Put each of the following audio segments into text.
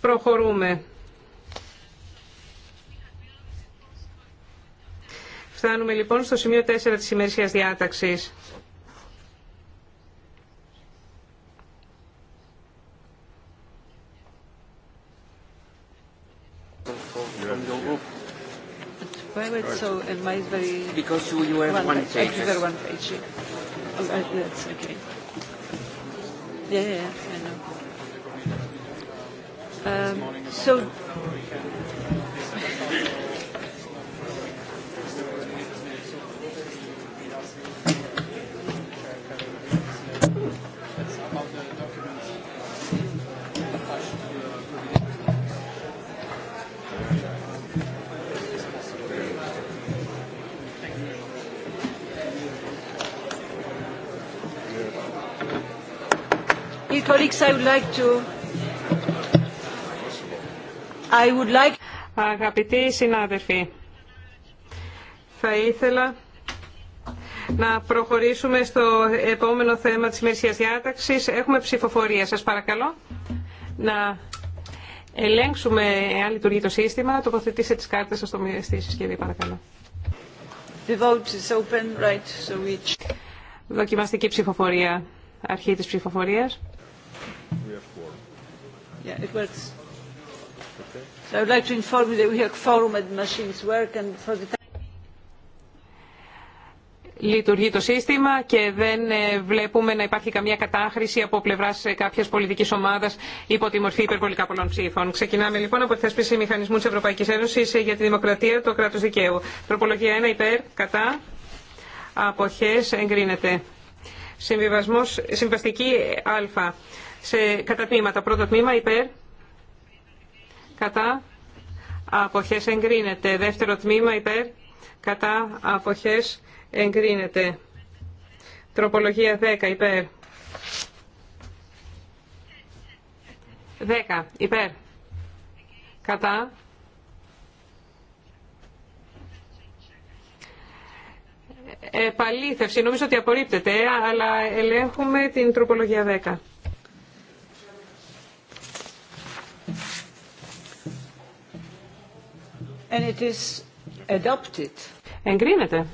προχωρούμε. Φτάνουμε λοιπόν στο σημείο 4 της ημερησίας διάταξης. Yeah, yeah, so colleagues, I would like to Αγαπητοί συνάδελφοι, θα ήθελα να προχωρήσουμε στο επόμενο θέμα της ημερησίας διάταξης. Έχουμε ψηφοφορία. Σας παρακαλώ να ελέγξουμε αν λειτουργεί το σύστημα. Τοποθετήστε τις κάρτες σας στη συσκευή, παρακαλώ. The is open, right, so Δοκιμαστική ψηφοφορία. Αρχή της ψηφοφορίας. Yeah, it works. Λειτουργεί το σύστημα και δεν ε, βλέπουμε να υπάρχει καμία κατάχρηση από πλευρά ε, κάποια πολιτική ομάδα υπό τη μορφή υπερβολικά πολλών ψήφων. Ξεκινάμε λοιπόν από τη θέσπιση μηχανισμού τη Ευρωπαϊκή Ένωση ε, για τη δημοκρατία, το κράτο δικαίου. Τροπολογία 1 υπέρ, κατά, αποχέ, εγκρίνεται. Συμβιβασμό συμβαστική α. Σε, κατά τμήματα. Πρώτο τμήμα υπέρ, κατά αποχές εγκρίνεται. Δεύτερο τμήμα υπέρ κατά αποχές εγκρίνεται. Τροπολογία 10 υπέρ. 10 υπέρ. Κατά. Επαλήθευση. Νομίζω ότι απορρίπτεται, αλλά ελέγχουμε την τροπολογία 10. And it is adopted. Εγκρίνεται.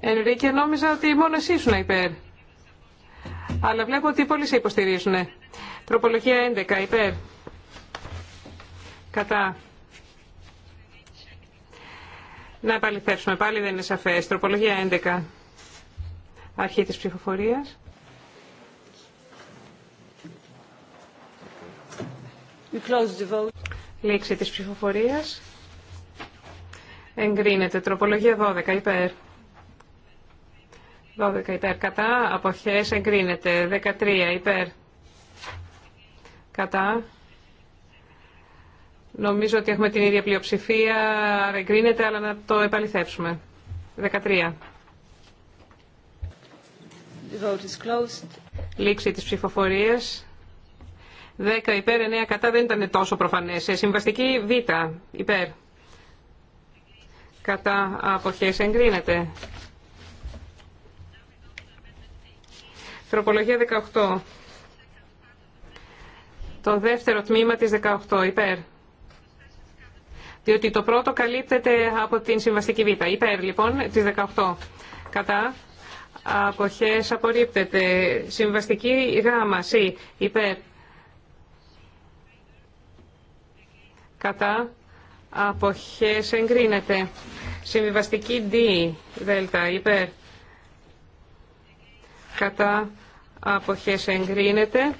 Ενρίκε, νόμιζα ότι μόνο εσύ ήσουν υπέρ. Αλλά βλέπω ότι πολλοί σε υποστηρίζουν. Τροπολογία 11, υπέρ. Κατά. Να επαληθεύσουμε πάλι, δεν είναι σαφές. Τροπολογία 11. Αρχή της ψηφοφορίας. close the Λήξη της ψηφοφορίας. Εγκρίνεται. Τροπολογία 12 υπέρ. 12 υπέρ. Κατά. Αποχές. Εγκρίνεται. 13 υπέρ. Κατά. Νομίζω ότι έχουμε την ίδια πλειοψηφία, εγκρίνεται, αλλά να το επαληθεύσουμε. 13. The vote is closed. Λήξη της ψηφοφορίας. 10 υπέρ, 9 κατά δεν ήταν τόσο προφανές. Ε, συμβαστική Β υπέρ. Κατά αποχέ εγκρίνεται. Τροπολογία 18. Το δεύτερο τμήμα της 18 υπέρ. Διότι το πρώτο καλύπτεται από την συμβαστική Β. Υπέρ λοιπόν της 18. Κατά. Αποχές απορρίπτεται. Συμβαστική γάμα, σι, υπέρ κατά αποχές εγκρίνεται. Συμβιβαστική D, δέλτα, υπέρ, κατά αποχές εγκρίνεται.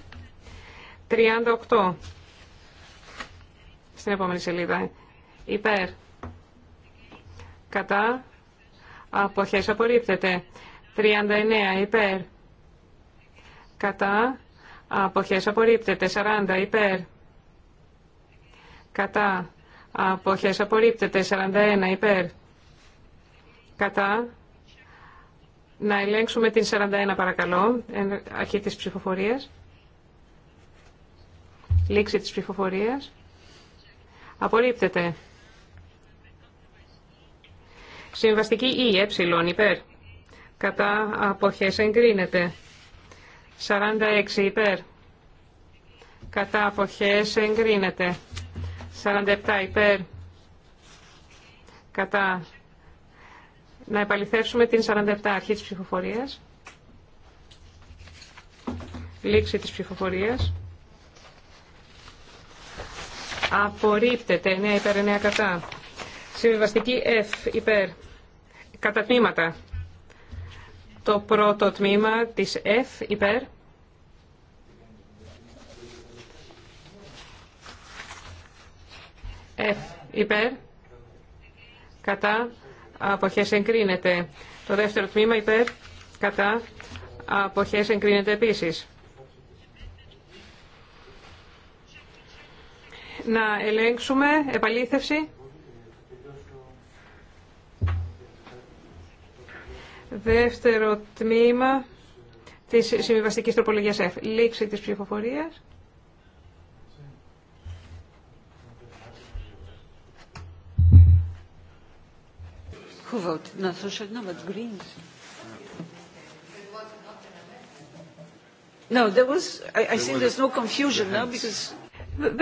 38, στην επόμενη σελίδα, υπέρ, κατά αποχές απορρίπτεται. 39, υπέρ, κατά αποχές απορρίπτεται. 40, υπέρ, κατά αποχές απορρίπτεται 41 υπέρ κατά να ελέγξουμε την 41 παρακαλώ αρχή της ψηφοφορίας λήξη της ψηφοφορίας απορρίπτεται συμβαστική ή e, ε υπέρ κατά αποχές εγκρίνεται 46 υπέρ κατά αποχές εγκρίνεται 47 υπέρ κατά να επαληθεύσουμε την 47 αρχή της ψηφοφορίας. Λήξη της ψηφοφορίας. Απορρίπτεται 9 υπέρ 9 κατά. Συμβιβαστική F υπέρ. Κατά τμήματα. Το πρώτο τμήμα της F υπέρ. F υπέρ κατά αποχές εγκρίνεται. Το δεύτερο τμήμα υπέρ κατά αποχές εγκρίνεται επίσης. Να ελέγξουμε επαλήθευση. Δεύτερο τμήμα της συμβιβαστικής τροπολογίας F. Λήξη της ψηφοφορίας. Δεν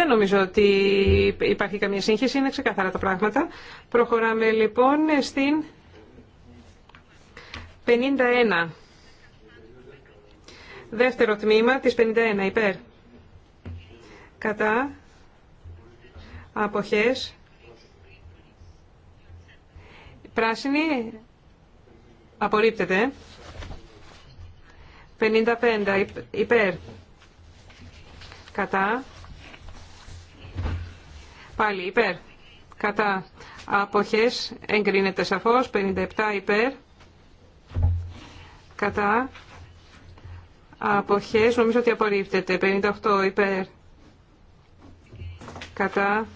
νομίζω ότι υπάρχει καμία σύγχυση, είναι ξεκάθαρα τα πράγματα. Προχωράμε λοιπόν στην 51. Δεύτερο τμήμα της 51, υπέρ. Κατά. Αποχές. Πράσινη. Απορρίπτεται. 55. Υπέρ. Κατά. Πάλι υπέρ. Κατά. Αποχές. Εγκρίνεται σαφώς. 57. Υπέρ. Κατά. Αποχές. Νομίζω ότι απορρίπτεται. 58. Υπέρ. Κατά.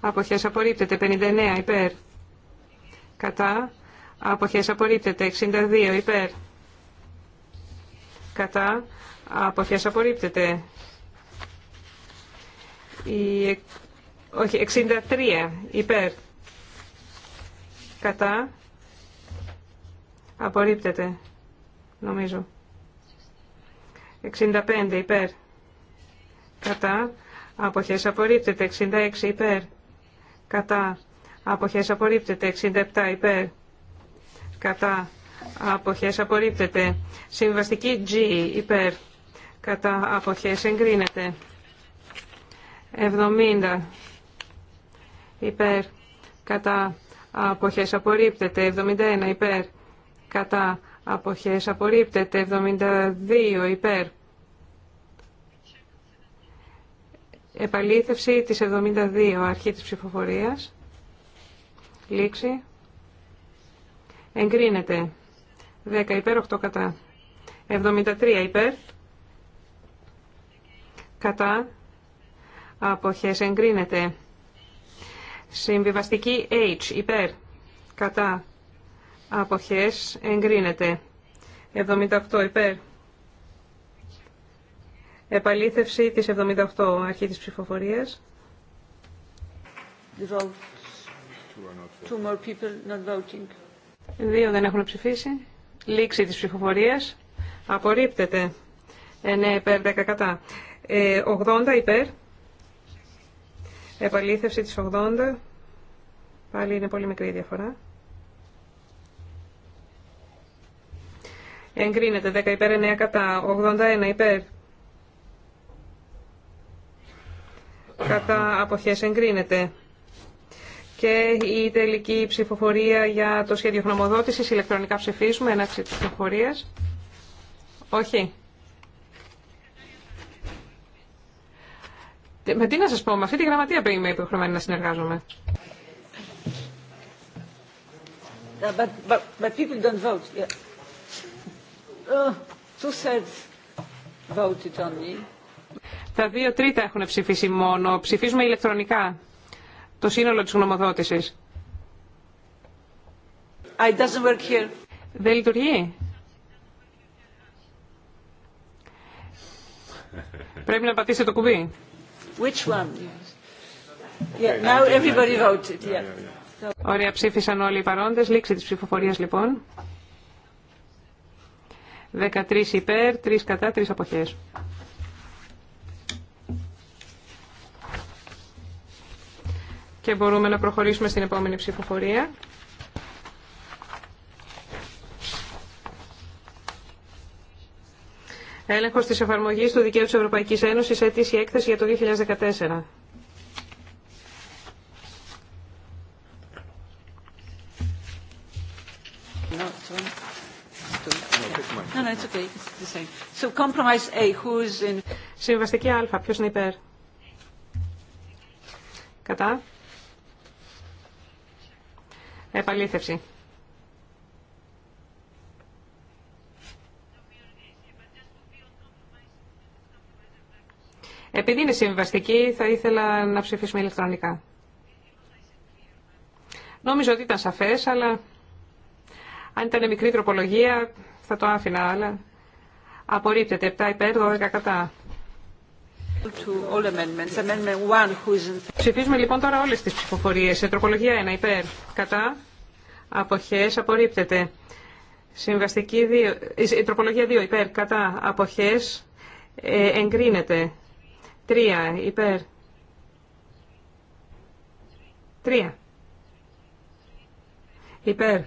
Αποχές. Απορρίπτεται. 59. Υπέρ κατά αποχές απορρίπτεται 62 υπέρ κατά αποχές απορρίπτεται η, όχι 63 υπέρ κατά απορρίπτεται νομίζω 65 υπέρ κατά αποχές απορρίπτεται 66 υπέρ κατά αποχές απορρίπτεται. 67 υπέρ κατά αποχές απορρίπτεται. Συμβαστική G υπέρ κατά αποχές εγκρίνεται. 70 υπέρ κατά αποχές απορρίπτεται. 71 υπέρ κατά αποχές απορρίπτεται. 72 υπέρ. Επαλήθευση της 72 αρχή της ψηφοφορίας. Λήξη. Εγκρίνεται. 10 υπέρ, 8 κατά. 73 υπέρ. Κατά. Αποχές εγκρίνεται. Συμβιβαστική H υπέρ. Κατά. Αποχές εγκρίνεται. 78 υπέρ. Επαλήθευση της 78 αρχή της ψηφοφορίας. Two people not voting. Δύο δεν έχουν ψηφίσει. Λήξη της ψηφοφορίας. Απορρίπτεται. 9 υπέρ 10 κατά. 80 ε, υπέρ. Επαλήθευση της 80. Πάλι είναι πολύ μικρή διαφορά. Εγκρίνεται 10 υπέρ 9 κατά. 81 υπέρ. Κατά αποχές εγκρίνεται και η τελική ψηφοφορία για το σχέδιο γνωμοδότησης. Ηλεκτρονικά ψηφίζουμε έναρξη της ψηφοφορίας. Όχι. Με τι να σας πω, με αυτή τη γραμματεία είμαι υποχρεωμένη να συνεργάζομαι. people don't vote. Oh, Τα δύο τρίτα έχουν ψηφίσει μόνο. Ψηφίζουμε ηλεκτρονικά το σύνολο της γνωμοδότησης. work here. Δεν λειτουργεί. Πρέπει να πατήσετε το κουμπί. Which one? Yeah, now everybody Yeah. Ωραία, ψήφισαν όλοι οι παρόντες. Λήξη της ψηφοφορίας λοιπόν. 13 υπέρ, 3 κατά, 3 αποχές. Και μπορούμε να προχωρήσουμε στην επόμενη ψηφοφορία. Έλεγχο τη εφαρμογή του δικαίου τη Ευρωπαϊκή Ένωση, αίτηση έκθεση για το 2014. Συμβαστική Α. Ποιο είναι υπέρ. Κατά. Επαλήθευση. Επειδή είναι συμβαστική, θα ήθελα να ψηφίσουμε ηλεκτρονικά. Νόμιζα ότι ήταν σαφές, αλλά αν ήταν μικρή τροπολογία θα το άφηνα, αλλά απορρίπτεται 7 υπέρ, 12 κατά. Ψηφίζουμε λοιπόν τώρα όλες τις ψηφοφορίες. Σε τροπολογία 1 υπέρ, κατά, αποχές, απορρίπτεται. Συμβαστική 2, ε, η τροπολογία 2 υπέρ, κατά, αποχές, ε, εγκρίνεται. 3 υπέρ. 3. Υπέρ.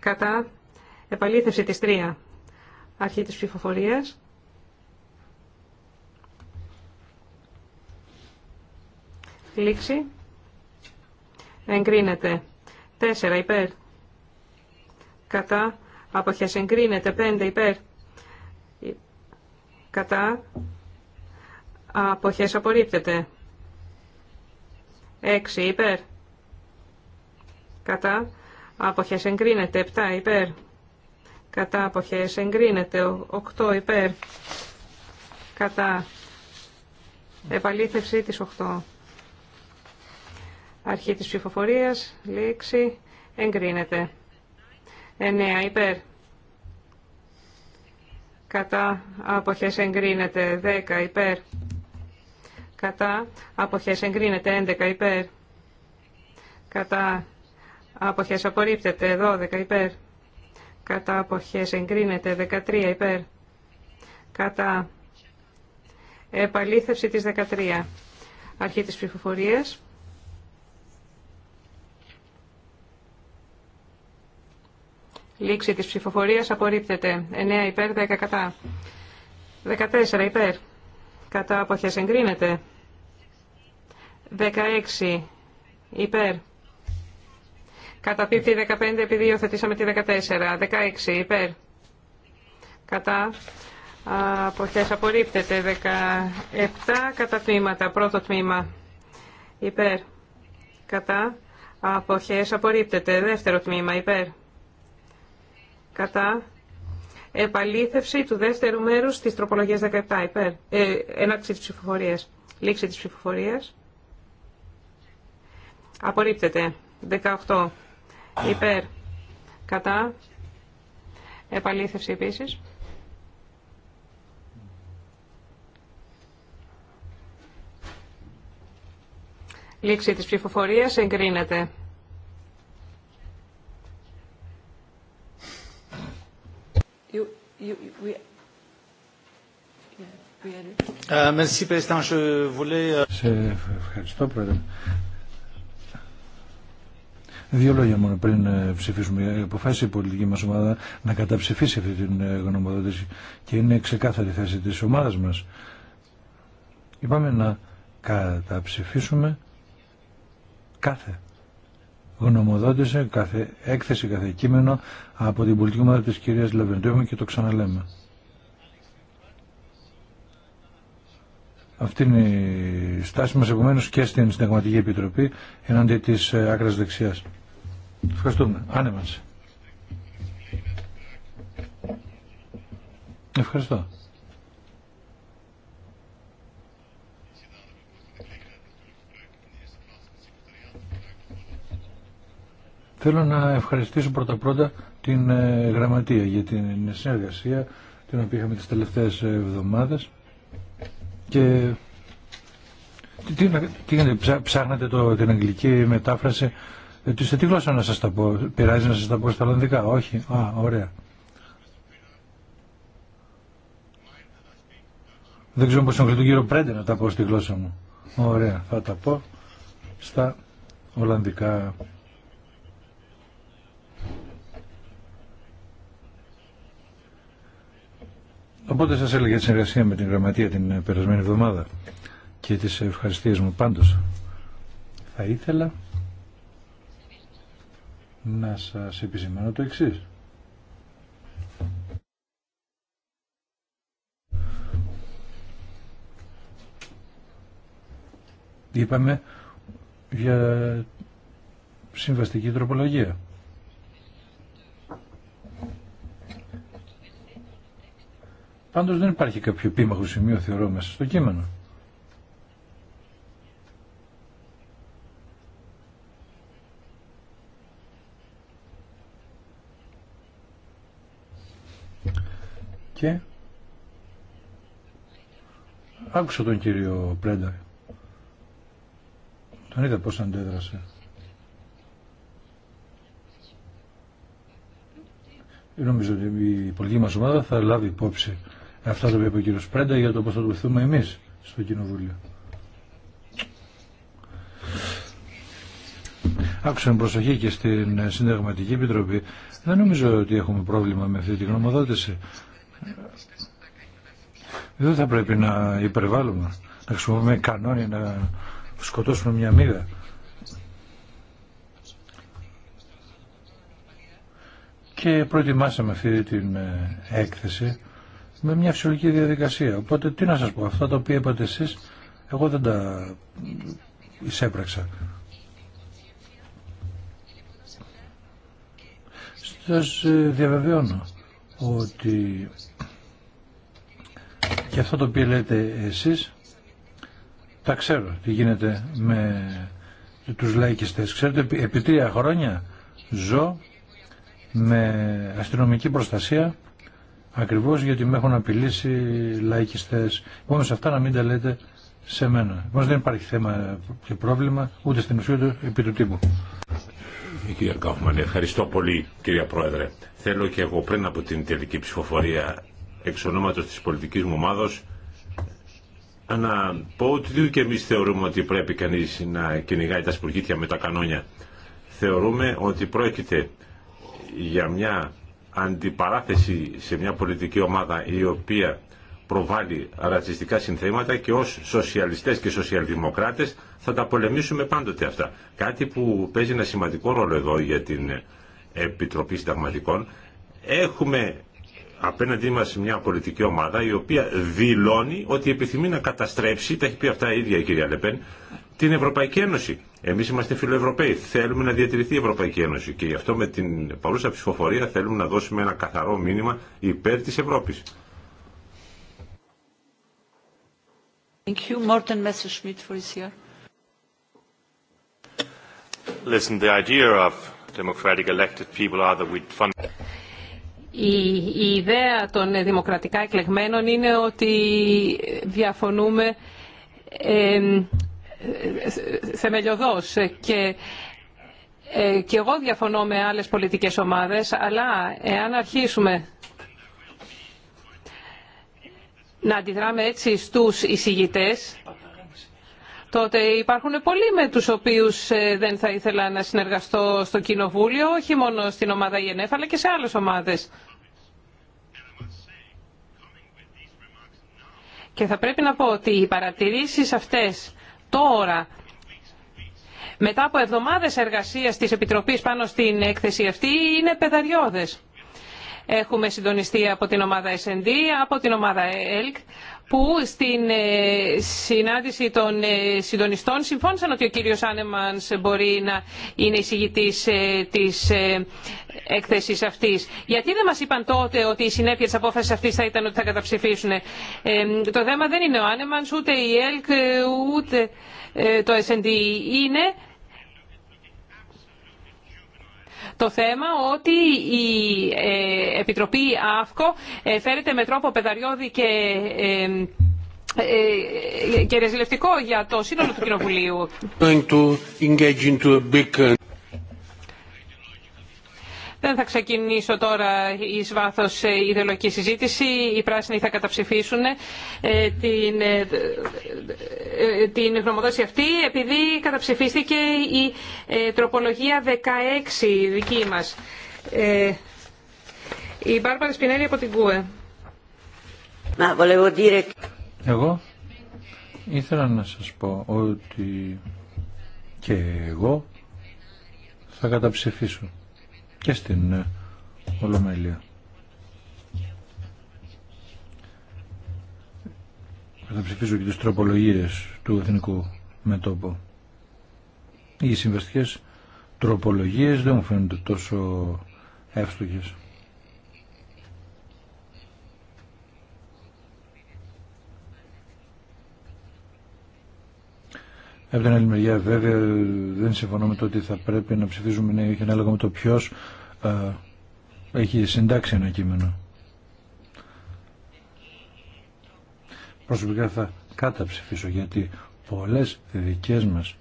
Κατά. Επαλήθευση της 3. Αρχή της ψηφοφορίας. Λήξη. Εγκρίνεται. 4 υπέρ. Κατά. Αποχές εγκρίνεται. 5 υπέρ. Κατά. Αποχές απορρίπτεται. 6 υπέρ. Κατά. Αποχές εγκρίνεται. 7 υπέρ. Κατά. Αποχές εγκρίνεται. 8 υπέρ. Κατά. Επαλήθευση της 8. Αρχή της ψηφοφορίας, λήξη, εγκρίνεται. 9 υπέρ. Κατά αποχές εγκρίνεται 10 υπέρ. Κατά αποχές εγκρίνεται 11 υπέρ. Κατά αποχές απορρίπτεται 12 υπέρ. Κατά αποχές εγκρίνεται 13 υπέρ. Κατά επαλήθευση της 13. Αρχή της ψηφοφορίας. Λήξη της ψηφοφορίας απορρίπτεται. 9 υπέρ, 10 κατά. 14 υπέρ. Κατά αποχές εγκρίνεται. 16 υπέρ. Κατά πίπτη 15 επειδή υιοθετήσαμε τη 14. 16 υπέρ. Κατά αποχές απορρίπτεται. 17 κατά τμήματα. Πρώτο τμήμα υπέρ. Κατά αποχές απορρίπτεται. Δεύτερο τμήμα υπέρ κατά επαλήθευση του δεύτερου μέρους της τροπολογίας 17 υπέρ. Ε, έναρξη της ψηφοφορίας. Λήξη της ψηφοφορίας. Απορρίπτεται. 18 υπέρ. Κατά. Επαλήθευση επίσης. Λήξη της ψηφοφορίας εγκρίνεται. Σε ευχαριστώ πρόεδρε. Δύο λόγια μόνο πριν ε, ψηφίσουμε. Ε, αποφάση η πολιτική μας ομάδα να καταψηφίσει αυτή την ε, γνωμοδότηση και είναι ξεκάθαρη θέση της ομάδας μας. Είπαμε να καταψηφίσουμε κάθε γνωμοδότησε κάθε έκθεση, κάθε κείμενο από την πολιτική ομάδα της κυρίας Λεβεντέμου και το ξαναλέμε. Αυτή είναι η στάση μας επομένως και στην Συνταγματική Επιτροπή εναντί της ε, άκρας δεξιάς. Ευχαριστούμε. Άνεμας. Ευχαριστώ. Θέλω να ευχαριστήσω πρώτα πρώτα την ε, Γραμματεία για την συνεργασία την οποία είχαμε τις τελευταίες εβδομάδες και τι, τι, τι ψάχνετε το, την αγγλική μετάφραση ε, σε τι γλώσσα να σας τα πω πειράζει να σας τα πω στα Ολλανδικά όχι, α, ωραία δεν ξέρω πως είναι τον κύριο Πρέντε να τα πω στη γλώσσα μου ωραία, θα τα πω στα Ολλανδικά Οπότε σας έλεγα τη συνεργασία με την γραμματεία την ε, περασμένη εβδομάδα και τις ευχαριστίες μου πάντως. Θα ήθελα να σας επισημάνω το εξής. Είπαμε για συμβαστική τροπολογία. Πάντως δεν υπάρχει κάποιο πίμαχο σημείο θεωρώ μέσα στο κείμενο. Και άκουσα τον κύριο Πρέντα. Τον είδα πώς αντέδρασε. Νομίζω ότι η πολιτική μας ομάδα θα λάβει υπόψη αυτά το είπε ο κύριος Πρέντα για το πώς θα το βοηθούμε εμείς στο Κοινοβούλιο. Άκουσα με προσοχή και στην Συνταγματική Επιτροπή. Δεν νομίζω ότι έχουμε πρόβλημα με αυτή τη γνωμοδότηση. Δεν θα πρέπει να υπερβάλλουμε, να χρησιμοποιούμε κανόνια, να σκοτώσουμε μια μύδα. Και προετοιμάσαμε αυτή την ε, έκθεση με μια φυσιολογική διαδικασία. Οπότε τι να σας πω, αυτά τα οποία είπατε εσείς, εγώ δεν τα εισέπραξα. Σας ε, διαβεβαιώνω ότι και αυτό το οποίο λέτε εσείς, τα ξέρω τι γίνεται με τους λαϊκιστές. Ξέρετε, επί τρία χρόνια ζω με αστυνομική προστασία Ακριβώ γιατί με έχουν απειλήσει λαϊκιστές. Επομένω αυτά να μην τα λέτε σε μένα. Επομένως δεν υπάρχει θέμα και πρόβλημα ούτε στην ουσία του επί του τύπου. Ε, κύριε Κάφμαν, ευχαριστώ πολύ κύριε Πρόεδρε. Θέλω και εγώ πριν από την τελική ψηφοφορία εξ ονόματος της πολιτικής μου ομάδος να πω ότι και εμείς θεωρούμε ότι πρέπει κανείς να κυνηγάει τα σπουργίτια με τα κανόνια. Θεωρούμε ότι πρόκειται για μια αντιπαράθεση σε μια πολιτική ομάδα η οποία προβάλλει ρατσιστικά συνθέματα και ως σοσιαλιστές και σοσιαλδημοκράτες θα τα πολεμήσουμε πάντοτε αυτά. Κάτι που παίζει ένα σημαντικό ρόλο εδώ για την Επιτροπή Συνταγματικών. Έχουμε απέναντί μας μια πολιτική ομάδα η οποία δηλώνει ότι επιθυμεί να καταστρέψει, τα έχει πει αυτά η ίδια η κυρία Λεπέν, την Ευρωπαϊκή Ένωση. Εμείς είμαστε φιλοευρωπαίοι, θέλουμε να διατηρηθεί η Ευρωπαϊκή Ένωση και γι' αυτό με την παρούσα ψηφοφορία θέλουμε να δώσουμε ένα καθαρό μήνυμα υπέρ τη Ευρώπης. Listen, the idea of elected people are that fund... Η, ιδέα των δημοκρατικά εκλεγμένων είναι ότι διαφωνούμε θεμελιωδώς και ε, και εγώ διαφωνώ με άλλες πολιτικές ομάδες, αλλά εάν αρχίσουμε να αντιδράμε έτσι στους εισηγητές, τότε υπάρχουν πολλοί με τους οποίους ε, δεν θα ήθελα να συνεργαστώ στο Κοινοβούλιο, όχι μόνο στην ομάδα ΙΕΝΕΦ, αλλά και σε άλλες ομάδες. Και θα πρέπει να πω ότι οι παρατηρήσεις αυτές Τώρα, μετά από εβδομάδες εργασίας της Επιτροπής πάνω στην έκθεση αυτή, είναι πεδαριώδες. Έχουμε συντονιστεί από την ομάδα S&D, από την ομάδα ΕΛΚ, που στην ε, συνάντηση των ε, συντονιστών συμφώνησαν ότι ο κύριος Άνεμανς μπορεί να είναι εισηγητής ε, της έκθεσης αυτής. Γιατί δεν μας είπαν τότε ότι η συνέπεια της απόφασης αυτής θα ήταν ότι θα καταψηφίσουν. Το θέμα δεν είναι ο Άνεμανς, ούτε η ΕΛΚ, ούτε το SND Είναι το θέμα ότι η ε, Επιτροπή ΑΦΚΟ ε, φέρεται με τρόπο πεδαριώδη και ε, και ρεζιλευτικό για το σύνολο του Κοινοβουλίου. Δεν θα ξεκινήσω τώρα εις βάθος ε, ιδεολογική συζήτηση. Οι πράσινοι θα καταψηφίσουν ε, την, ε, την αυτή επειδή καταψηφίστηκε η τροπολογία 16 δική μας. Η Μπάρμπαρα Σπινέλη από την ΚΟΕ. Εγώ ήθελα να σας πω ότι και εγώ θα καταψηφίσω και στην ε, Ολομέλεια. Θα ψηφίσω και τις τροπολογίες του Εθνικού Μετώπου. Οι συμβαστικές τροπολογίες δεν μου φαίνονται τόσο εύστοχες. Από την άλλη μεριά, βέβαια, δεν συμφωνώ με το ότι θα πρέπει να ψηφίζουμε ναι, όχι ανάλογα με το ποιο ε, έχει συντάξει ένα κείμενο. Προσωπικά θα καταψηφίσω γιατί πολλές δικές μας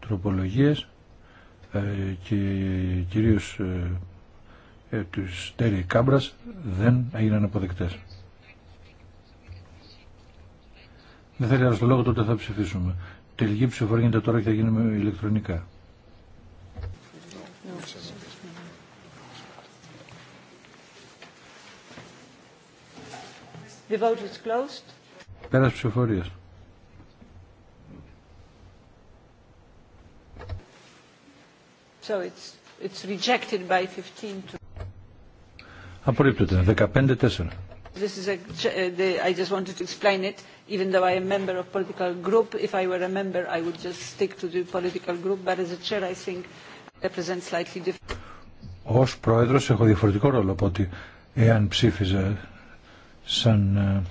τροπολογίες ε, και κυρίως ε, του Τέρι Κάμπρας δεν έγιναν αποδεκτές. Δεν θέλει άλλο το λόγο, τότε θα ψηφίσουμε τελική ψηφοφορία γίνεται τώρα και θα γίνει ηλεκτρονικά. The vote is closed. Πέρας ψηφοφορίας. So it's, it's rejected by 15 to... Απορρίπτεται. 15-4 this is i just wanted to explain it even though i am a member of a political group if i were a member i would just stick to the political group but as a chair i think represents slightly different ως πρόεδρος έχω διαφορετικό ρόλο από ότι εάν ψήφιζα σαν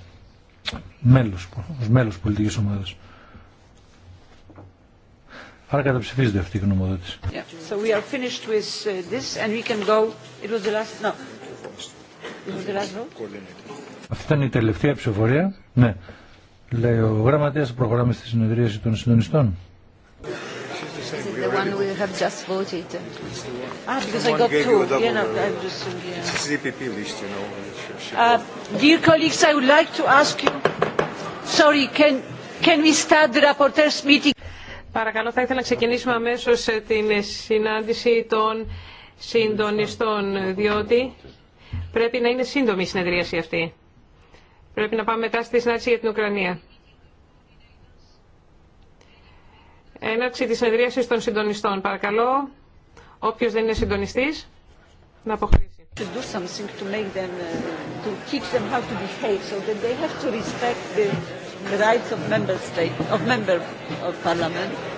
μέλος, ως μέλος πολιτικής ομάδας. Άρα καταψηφίζεται αυτή η γνωμοδότηση. Yeah. So we are finished with this and we can go. It was the last. No. Αυτή ήταν η τελευταία ψηφοφορία. Ναι. Λέει ο γραμματέας προχωράμε στη συνεδρίαση των συντονιστών. Ah, Παρακαλώ, θα ήθελα να ξεκινήσουμε αμέσως ε, την συνάντηση των συντονιστών, διότι... Πρέπει να είναι σύντομη η συνεδρίαση αυτή. Πρέπει να πάμε μετά στη συνάντηση για την Ουκρανία. Έναρξη της συνεδρίασης των συντονιστών. Παρακαλώ, όποιος δεν είναι συντονιστής, να αποχωρήσει. To do something to make them, uh, to teach them how to behave, so that they have to respect the rights of member state, of member of parliament.